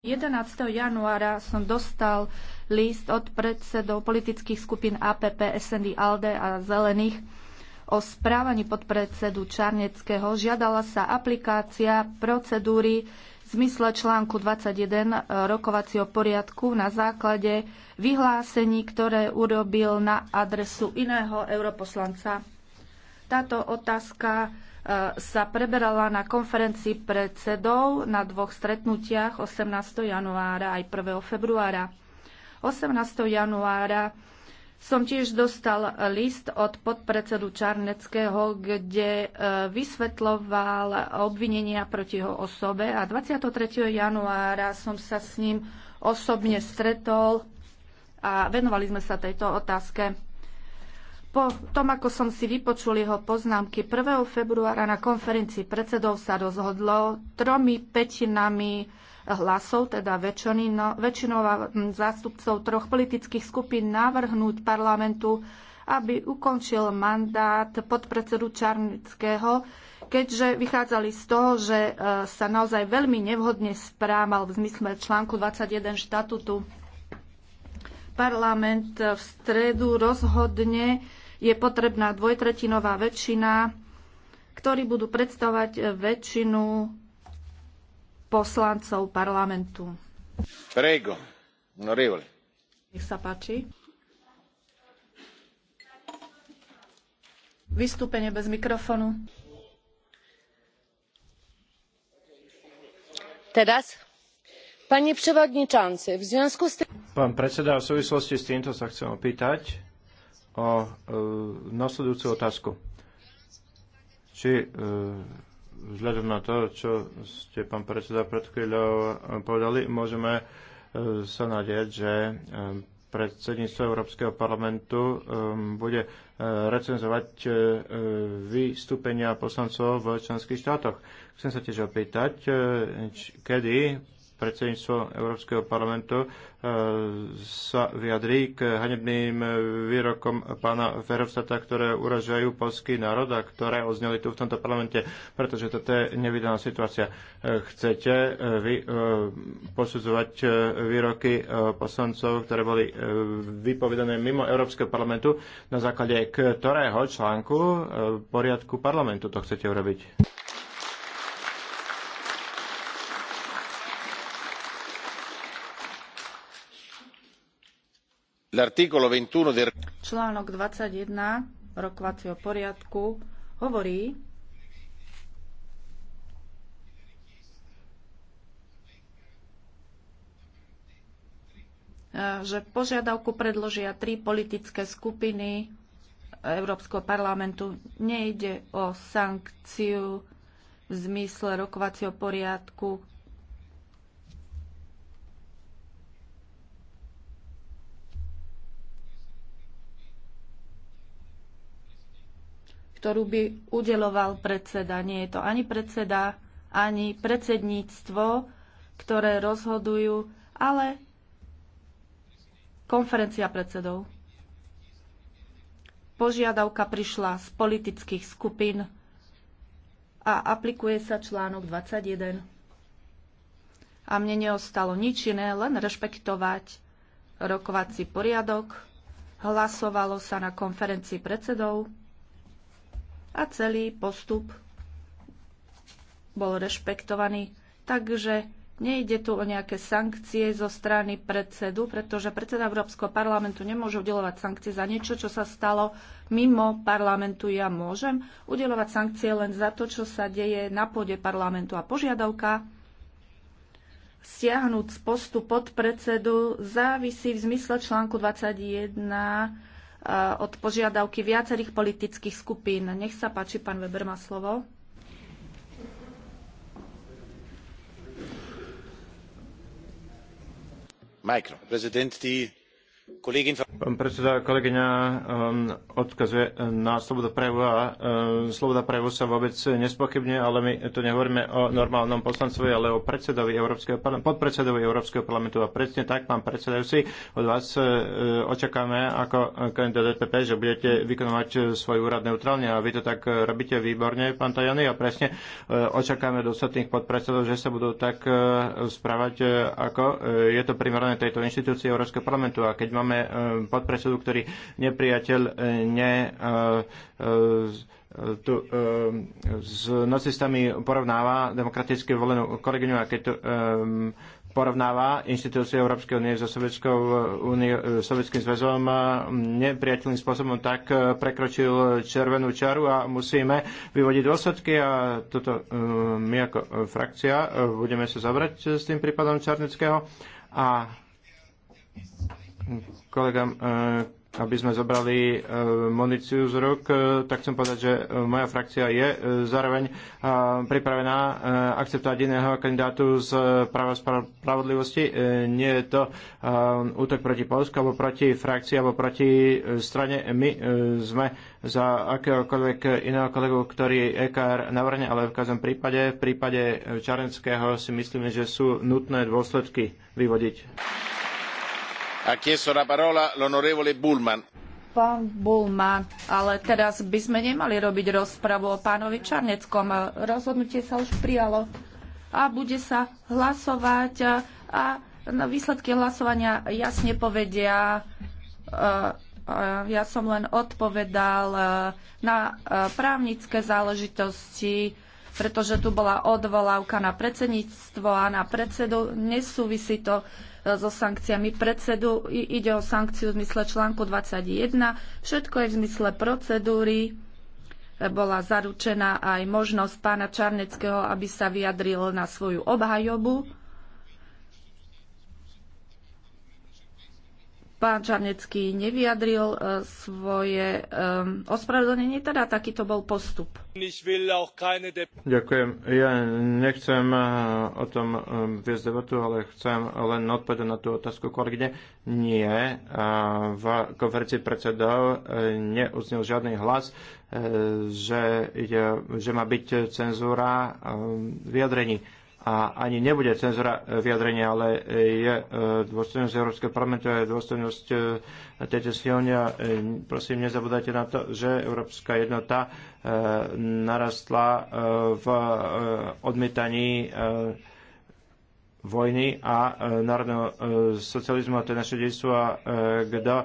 11. januára som dostal list od predsedov politických skupín APP, SND, ALDE a Zelených o správaní podpredsedu Čarneckého. Žiadala sa aplikácia procedúry v zmysle článku 21 rokovacieho poriadku na základe vyhlásení, ktoré urobil na adresu iného europoslanca. Táto otázka e, sa preberala na konferencii predsedov na dvoch stretnutiach 18. januára aj 1. februára. 18. januára som tiež dostal list od podpredsedu Čarneckého, kde e, vysvetloval obvinenia proti jeho osobe a 23. januára som sa s ním osobne stretol a venovali sme sa tejto otázke. Po tom, ako som si vypočul jeho poznámky, 1. februára na konferencii predsedov sa rozhodlo tromi petinami hlasov, teda väčšinou zástupcov troch politických skupín navrhnúť parlamentu, aby ukončil mandát podpredsedu Čarnického, keďže vychádzali z toho, že e, sa naozaj veľmi nevhodne správal v zmysle článku 21 štatútu parlament v stredu rozhodne je potrebná dvojtretinová väčšina, ktorí budú predstavovať eh, väčšinu poslancov parlamentu. Prego, onorevole. Nech sa páči. Vystúpenie bez mikrofonu. Teraz. Pani przewodniczący, w związku z tym... Pán predseda, v súvislosti s týmto sa chcem opýtať, o e, nasledujúcu otázku. Či e, vzhľadom na to, čo ste pán predseda pred chvíľou e, povedali, môžeme e, sa nadieť, že e, predsedníctvo Európskeho parlamentu e, bude e, recenzovať vystúpenia poslancov v členských štátoch. Chcem sa tiež opýtať, kedy predsedníctvo Európskeho parlamentu e, sa vyjadrí k hanebným výrokom pána Verhofstadta, ktoré uražajú polský národ a ktoré ozneli tu v tomto parlamente, pretože toto je nevydaná situácia. E, chcete e, vy posudzovať výroky poslancov, ktoré boli vypovedané mimo Európskeho parlamentu, na základe ktorého článku poriadku parlamentu to chcete urobiť? Článok 21 rokovacieho poriadku hovorí, eh, že požiadavku predložia tri politické skupiny Európskeho parlamentu. Nejde o sankciu v zmysle rokovacieho poriadku ktorú by udeloval predseda. Nie je to ani predseda, ani predsedníctvo, ktoré rozhodujú, ale konferencia predsedov. Požiadavka prišla z politických skupín a aplikuje sa článok 21. A mne neostalo nič iné, len rešpektovať rokovací poriadok. Hlasovalo sa na konferencii predsedov a celý postup bol rešpektovaný. Takže nejde tu o nejaké sankcie zo strany predsedu, pretože predseda Európskeho parlamentu nemôže udelovať sankcie za niečo, čo sa stalo mimo parlamentu. Ja môžem udelovať sankcie len za to, čo sa deje na pôde parlamentu. A požiadavka stiahnuť z postu podpredsedu závisí v zmysle článku 21 od požiadavky viacerých politických skupín. Nech sa páči, pán Weber má slovo. Mikro, prezident, Pán predseda, kolegyňa um, odkazuje na slobodu prejavu a um, sloboda prejavu sa vôbec nespochybne, ale my tu nehovoríme o normálnom poslancovi, ale o predsedovi Európskeho podpredsedovi Európskeho parlamentu. A presne tak, pán predsedajúci, od vás e, očakáme ako kandidát DPP, že budete vykonovať svoj úrad neutrálne a vy to tak robíte výborne, pán Tajany, a presne e, očakáme od ostatných podpredsedov, že sa budú tak e, správať, ako je to primerané tejto inštitúcii Európskeho parlamentu. A keď máme e, podpredsedu, ktorý nepriateľ e, ne e, tu, s nacistami porovnáva demokraticky volenú kolegyňu a keď to porovnáva inštitúcie Európskej únie so Sovjetskou úniou, Sovjetským zväzom nepriateľným spôsobom tak prekročil červenú čaru a musíme vyvodiť dôsledky a toto my ako frakcia budeme sa zabrať s tým prípadom Čarnického a kolegám, eh, aby sme zobrali eh, muníciu z rok, eh, tak chcem povedať, že moja frakcia je zároveň pripravená akceptovať iného kandidátu z práva spravodlivosti. Nie je to útok proti Polsku, alebo proti frakcii, alebo proti strane. My sme za akéhokoľvek iného kolegu, ktorý EKR navrhne, ale v každom prípade, v prípade Čarenského si myslíme, že sú nutné dôsledky vyvodiť. Pán Bullman, ale teraz by sme nemali robiť rozpravu o pánovi Čarneckom. Rozhodnutie sa už prijalo a bude sa hlasovať a no, výsledky hlasovania jasne povedia. Ja som len odpovedal na právnické záležitosti pretože tu bola odvolávka na predsedníctvo a na predsedu. Nesúvisí to e, so sankciami predsedu. Ide o sankciu v zmysle článku 21. Všetko je v zmysle procedúry. E, bola zaručená aj možnosť pána Čarneckého, aby sa vyjadril na svoju obhajobu pán Čarnecký nevyjadril e, svoje um, ospravedlnenie, teda takýto bol postup. Ďakujem. Ja nechcem e, o tom viesť debatu, ale chcem len odpovedať na tú otázku kolegyne. Nie, v konferencii predsedov neuznil žiadny hlas, že, že má byť cenzúra vyjadrení a ani nebude cenzúra e, vyjadrenia, ale e, je e, dôstojnosť Európskeho parlamentu a je dôstojnosť tejto silne. Prosím, nezabudajte na to, že Európska jednota narastla v odmietaní vojny a e, národného e, socializmu a to je naše dejstvo a e, kto e,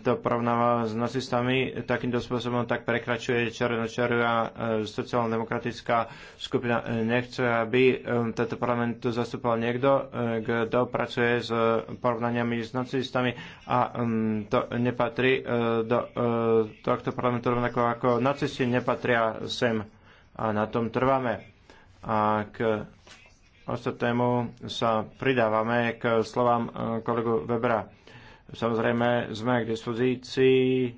to porovnáva s nacistami takýmto spôsobom tak prekračuje černočaru a e, sociálno-demokratická skupina e, nechce, aby e, tento parlament tu zastupoval niekto, e, kto pracuje s e, porovnaniami s nacistami a e, to nepatrí e, do e, tohto parlamentu rovnako ako nacisti nepatria sem a na tom trváme. A k ostatnému sa pridávame k slovám eh, kolegu Webera. Samozrejme, sme k dispozícii,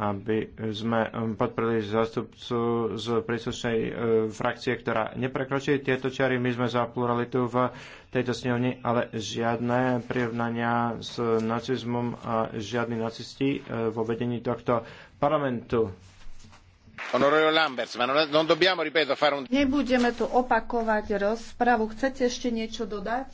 aby sme eh, podporili zástupcu z príslušnej eh, frakcie, ktorá neprekročí tieto čary. My sme za pluralitu v tejto snehovni, ale žiadne prirovnania s nacizmom a žiadni nacisti vo vedení tohto parlamentu. Nebudeme tu opakovať rozpravu. Chcete ešte niečo dodať?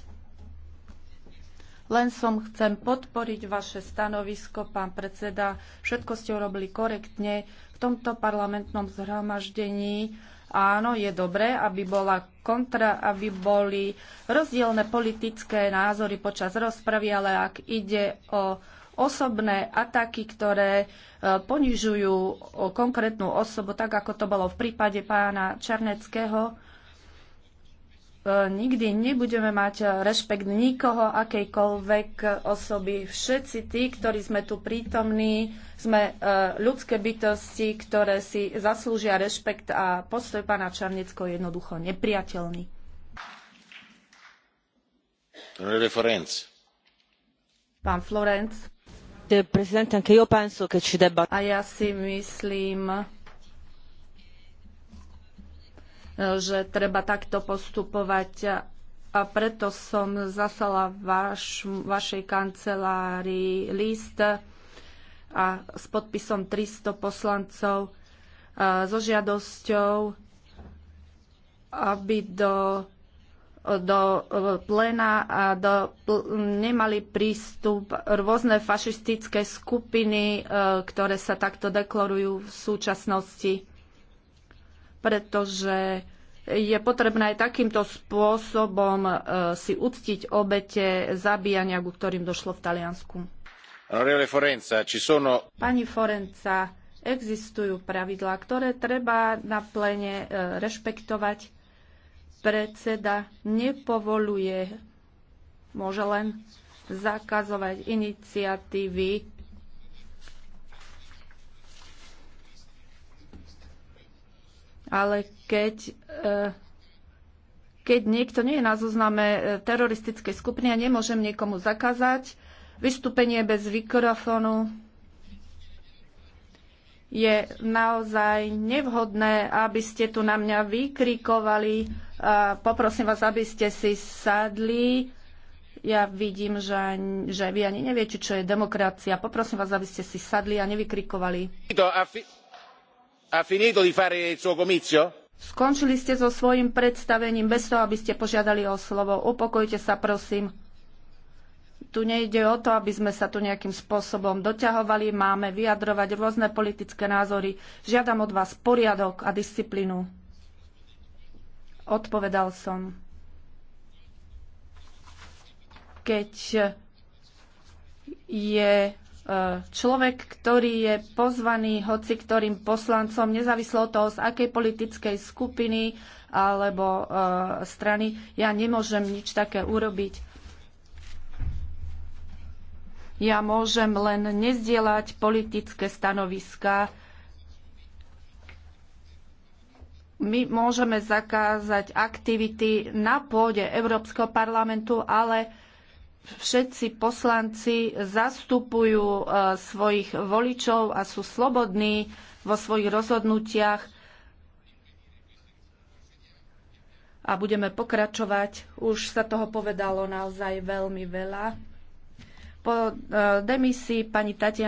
Len som chcem podporiť vaše stanovisko, pán predseda. Všetko ste urobili korektne v tomto parlamentnom zhromaždení. Áno, je dobré, aby, bola kontra, aby boli rozdielne politické názory počas rozpravy, ale ak ide o osobné ataky, ktoré e, ponižujú konkrétnu osobu, tak ako to bolo v prípade pána Černeckého. E, nikdy nebudeme mať rešpekt nikoho, akejkoľvek osoby. Všetci tí, ktorí sme tu prítomní, sme e, ľudské bytosti, ktoré si zaslúžia rešpekt a postoj pána Černecko je jednoducho nepriateľný. Pán Florenc. A ja si myslím, že treba takto postupovať a preto som zaslala vaš, vašej kancelárii list a s podpisom 300 poslancov so žiadosťou, aby do do e, plena a do, nemali prístup rôzne fašistické skupiny, e, ktoré sa takto deklarujú v súčasnosti. Pretože je potrebné aj takýmto spôsobom e, si uctiť obete zabíjania, ku ktorým došlo v Taliansku. Pani Forenca, existujú pravidlá, ktoré treba na plene rešpektovať Predseda nepovoluje, môže len zakazovať iniciatívy ale keď, e, keď niekto nie je na zozname e, teroristickej skupiny a nemôžem niekomu zakázať vystúpenie bez mikrofónu, je naozaj nevhodné, aby ste tu na mňa vykrikovali Poprosím vás, aby ste si sadli. Ja vidím, že, že vy ani neviete, čo je demokracia. Poprosím vás, aby ste si sadli a nevykrikovali. Skončili ste so svojím predstavením bez toho, aby ste požiadali o slovo. Upokojte sa, prosím. Tu nejde o to, aby sme sa tu nejakým spôsobom doťahovali. Máme vyjadrovať rôzne politické názory. Žiadam od vás poriadok a disciplínu. Odpovedal som. Keď je e, človek, ktorý je pozvaný hoci ktorým poslancom, nezávislo od toho, z akej politickej skupiny alebo e, strany, ja nemôžem nič také urobiť. Ja môžem len nezdielať politické stanoviská, my môžeme zakázať aktivity na pôde Európskeho parlamentu, ale všetci poslanci zastupujú e, svojich voličov a sú slobodní vo svojich rozhodnutiach a budeme pokračovať. Už sa toho povedalo naozaj veľmi veľa. Po e, demisii pani Tatiana